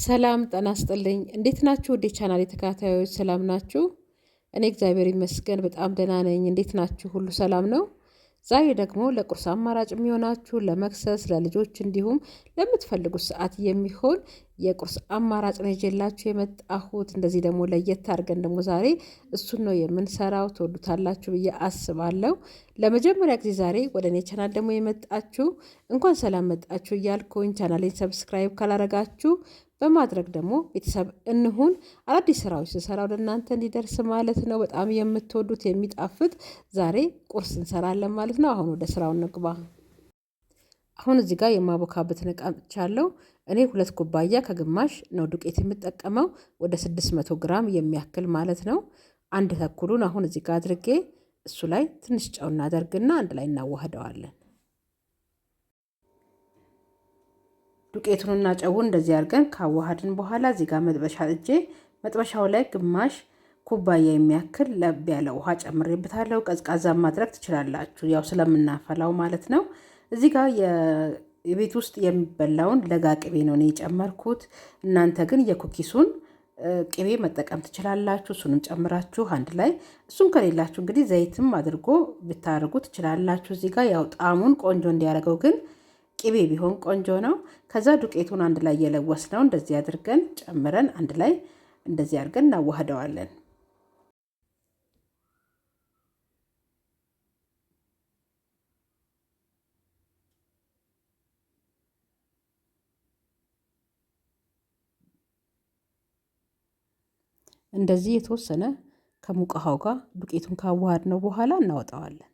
ሰላም ጠና ስጥልኝ። እንዴት ናችሁ? ወደ ቻናል የተከታታዮች ሰላም ናችሁ? እኔ እግዚአብሔር ይመስገን በጣም ደህና ነኝ። እንዴት ናችሁ? ሁሉ ሰላም ነው? ዛሬ ደግሞ ለቁርስ አማራጭ የሚሆናችሁ ለመክሰስ፣ ለልጆች እንዲሁም ለምትፈልጉት ሰዓት የሚሆን የቁርስ አማራጭ ነው ይዤላችሁ የመጣሁት። እንደዚህ ደግሞ ለየት አድርገን ደግሞ ዛሬ እሱን ነው የምንሰራው። ትወዱታላችሁ ብዬ አስባለሁ። ለመጀመሪያ ጊዜ ዛሬ ወደ እኔ ቻናል ደግሞ የመጣችሁ እንኳን ሰላም መጣችሁ እያልኩኝ ቻናሌን ሰብስክራይብ ካላረጋችሁ በማድረግ ደግሞ ቤተሰብ እንሁን። አዳዲስ ስራዎች ስሰራ ወደ እናንተ እንዲደርስ ማለት ነው። በጣም የምትወዱት የሚጣፍጥ ዛሬ ቁርስ እንሰራለን ማለት ነው። አሁን ወደ ስራው እንግባ። አሁን እዚህ ጋር የማቦካበትን እቃ እኔ ሁለት ኩባያ ከግማሽ ነው ዱቄት የምጠቀመው ወደ 600 ግራም የሚያክል ማለት ነው። አንድ ተኩሉን አሁን እዚህ ጋር አድርጌ እሱ ላይ ትንሽ ጨው እናደርግና አንድ ላይ እናዋህደዋለን። ዱቄቱንና ጨውን እንደዚህ አድርገን ካዋሃድን በኋላ እዚህ ጋር መጥበሻ እጄ መጥበሻው ላይ ግማሽ ኩባያ የሚያክል ለብ ያለ ውሃ ጨምሬበታለሁ። ቀዝቃዛ ማድረግ ትችላላችሁ፣ ያው ስለምናፈላው ማለት ነው። እዚህ ጋር የቤት ውስጥ የሚበላውን ለጋ ቅቤ ነው እኔ የጨመርኩት። እናንተ ግን የኩኪሱን ቅቤ መጠቀም ትችላላችሁ። እሱንም ጨምራችሁ አንድ ላይ እሱም ከሌላችሁ እንግዲህ ዘይትም አድርጎ ብታደርጉ ትችላላችሁ። እዚህ ጋር ያው ጣዕሙን ቆንጆ እንዲያደርገው ግን ቅቤ ቢሆን ቆንጆ ነው። ከዛ ዱቄቱን አንድ ላይ ነው እንደዚህ አድርገን ጨምረን አንድ ላይ እንደዚህ አድርገን እናዋህደዋለን። እንደዚህ የተወሰነ ከሙቀሃው ጋር ዱቄቱን ካዋሃድ ነው በኋላ እናወጣዋለን።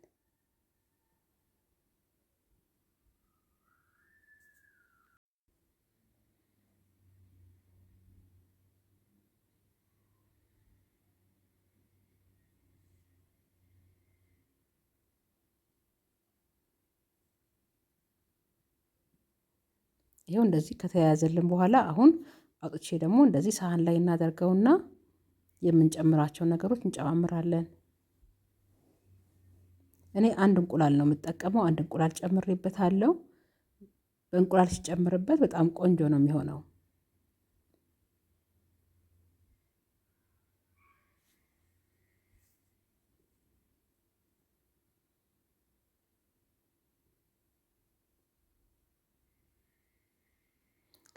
ይኸው እንደዚህ ከተያያዘልን በኋላ አሁን አውጥቼ ደግሞ እንደዚህ ሳህን ላይ እናደርገውና የምንጨምራቸው ነገሮች እንጨማምራለን። እኔ አንድ እንቁላል ነው የምጠቀመው አንድ እንቁላል ጨምሬበታለሁ። በእንቁላል ሲጨምርበት በጣም ቆንጆ ነው የሚሆነው።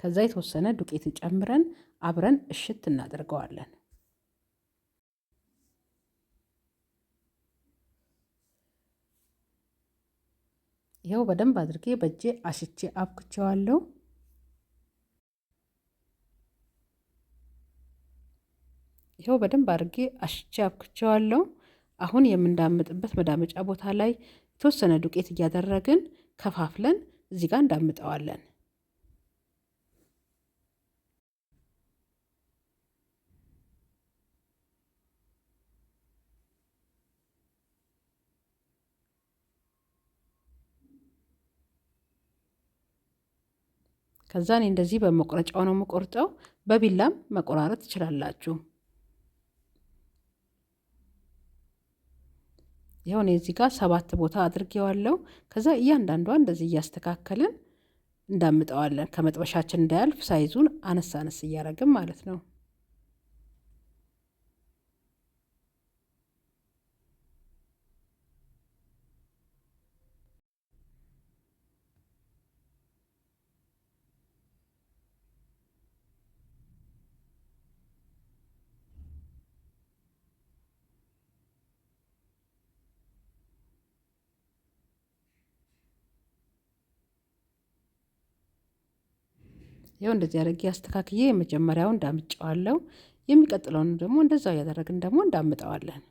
ከዛ የተወሰነ ዱቄት ጨምረን አብረን እሽት እናደርገዋለን ይኸው በደንብ አድርጌ በእጄ አሽቼ አብክቸዋለሁ። ይኸው በደንብ አድርጌ አሽቼ አብክቸዋለሁ። አሁን የምንዳምጥበት መዳመጫ ቦታ ላይ የተወሰነ ዱቄት እያደረግን ከፋፍለን እዚህ ጋር እንዳምጠዋለን። ከዛ እኔ እንደዚህ በመቁረጫው ነው የምቆርጠው። በቢላም መቆራረጥ ትችላላችሁ። ይኸው እኔ እዚህ ጋር ሰባት ቦታ አድርጌዋለሁ። ከዛ እያንዳንዷ እንደዚህ እያስተካከልን እንዳምጠዋለን። ከመጥበሻችን እንዳያልፍ ሳይዙን አነስ አነስ እያደረግን ማለት ነው። ይኸው እንደዚህ አድርጌ አስተካክዬ የመጀመሪያውን እንዳምጨዋለሁ። የሚቀጥለውን ደግሞ እንደዛው እያደረግን ደግሞ እንዳምጠዋለን።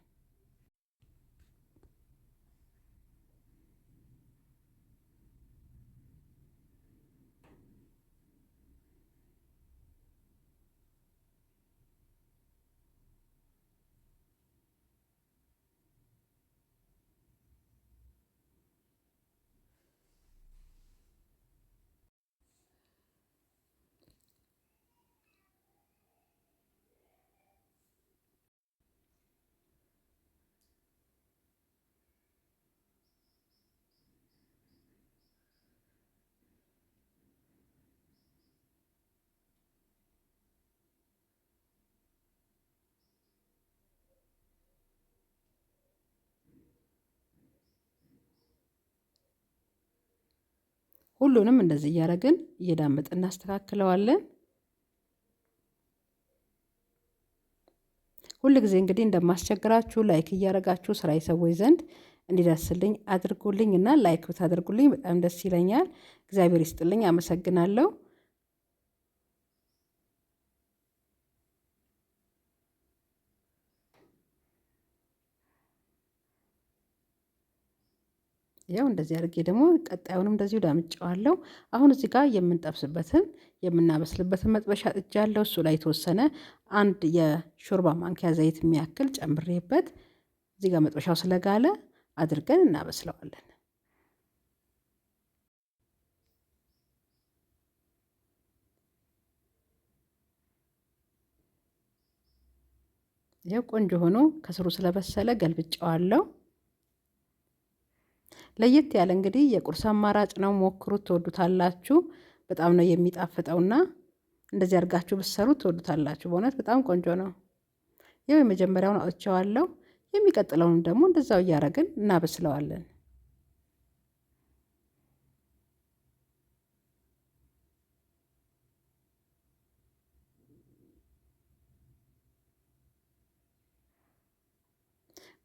ሁሉንም እንደዚህ እያደረግን እየዳመጥ እናስተካክለዋለን። ሁል ጊዜ እንግዲህ እንደማስቸግራችሁ ላይክ እያደረጋችሁ ስራ የሰዎች ዘንድ እንዲደርስልኝ አድርጉልኝ እና ላይክ ብታደርጉልኝ በጣም ደስ ይለኛል። እግዚአብሔር ይስጥልኝ። አመሰግናለሁ። ያው እንደዚህ አድርጌ ደግሞ ቀጣዩንም እንደዚሁ ዳምጨዋለሁ። አሁን እዚህ ጋር የምንጠብስበትን የምናበስልበትን መጥበሻ ጥጃለሁ። እሱ ላይ የተወሰነ አንድ የሾርባ ማንኪያ ዘይት የሚያክል ጨምሬበት እዚህ ጋር መጥበሻው ስለጋለ አድርገን እናበስለዋለን። ቆንጆ ሆኖ ከስሩ ስለበሰለ ገልብጨዋለሁ። ለየት ያለ እንግዲህ የቁርስ አማራጭ ነው። ሞክሩት፣ ትወዱታላችሁ። በጣም ነው የሚጣፍጠውና እንደዚህ አድርጋችሁ ብትሰሩት ትወዱታላችሁ። በእውነት በጣም ቆንጆ ነው። ያው የመጀመሪያውን አውጥቼዋለሁ። የሚቀጥለውን ደግሞ እንደዛው እያደረግን እናበስለዋለን።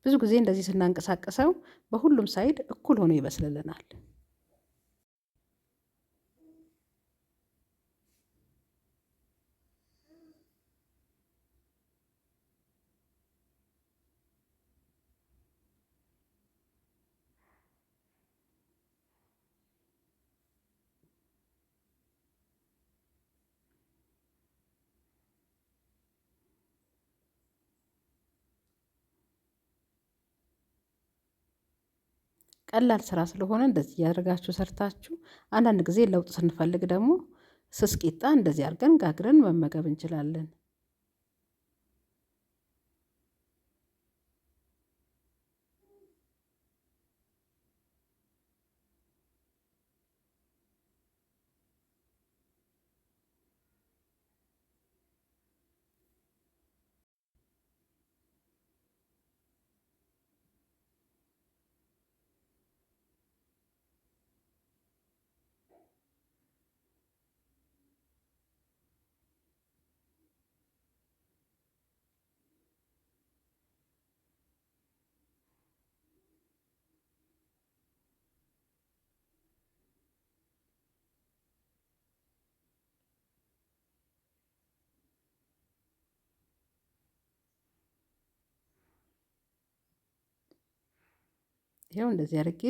ብዙ ጊዜ እንደዚህ ስናንቀሳቀሰው በሁሉም ሳይድ እኩል ሆኖ ይበስልልናል። ቀላል ስራ ስለሆነ እንደዚህ እያደረጋችሁ ሰርታችሁ አንዳንድ ጊዜ ለውጥ ስንፈልግ ደግሞ ስስ ቂጣ እንደዚህ አድርገን ጋግረን መመገብ እንችላለን ይኸው እንደዚህ አድርጌ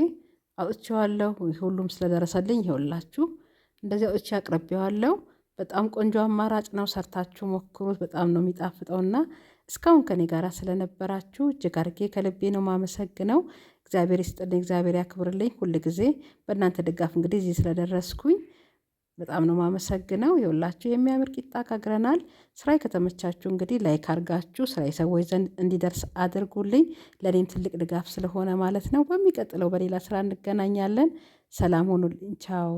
አውጥቼዋለሁ። ሁሉም ስለደረሰልኝ ይኸውላችሁ እንደዚህ አውጥቼ አቅርቤዋለሁ። በጣም ቆንጆ አማራጭ ነው፣ ሰርታችሁ ሞክሩት። በጣም ነው የሚጣፍጠውና እስካሁን ከኔ ጋር ስለነበራችሁ እጅግ አድርጌ ከልቤ ነው ማመሰግነው። እግዚአብሔር ይስጥልኝ፣ እግዚአብሔር ያክብርልኝ። ሁል ጊዜ በእናንተ ድጋፍ እንግዲህ እዚህ ስለደረስኩኝ በጣም ነው የማመሰግነው። የሁላችሁ የሚያምር ቂጣ ጋግረናል። ስራይ ከተመቻችሁ እንግዲህ ላይክ አርጋችሁ ስራዬ ሰዎች ዘንድ እንዲደርስ አድርጉልኝ። ለእኔም ትልቅ ድጋፍ ስለሆነ ማለት ነው። በሚቀጥለው በሌላ ስራ እንገናኛለን። ሰላም ሆኑልኝ። ቻው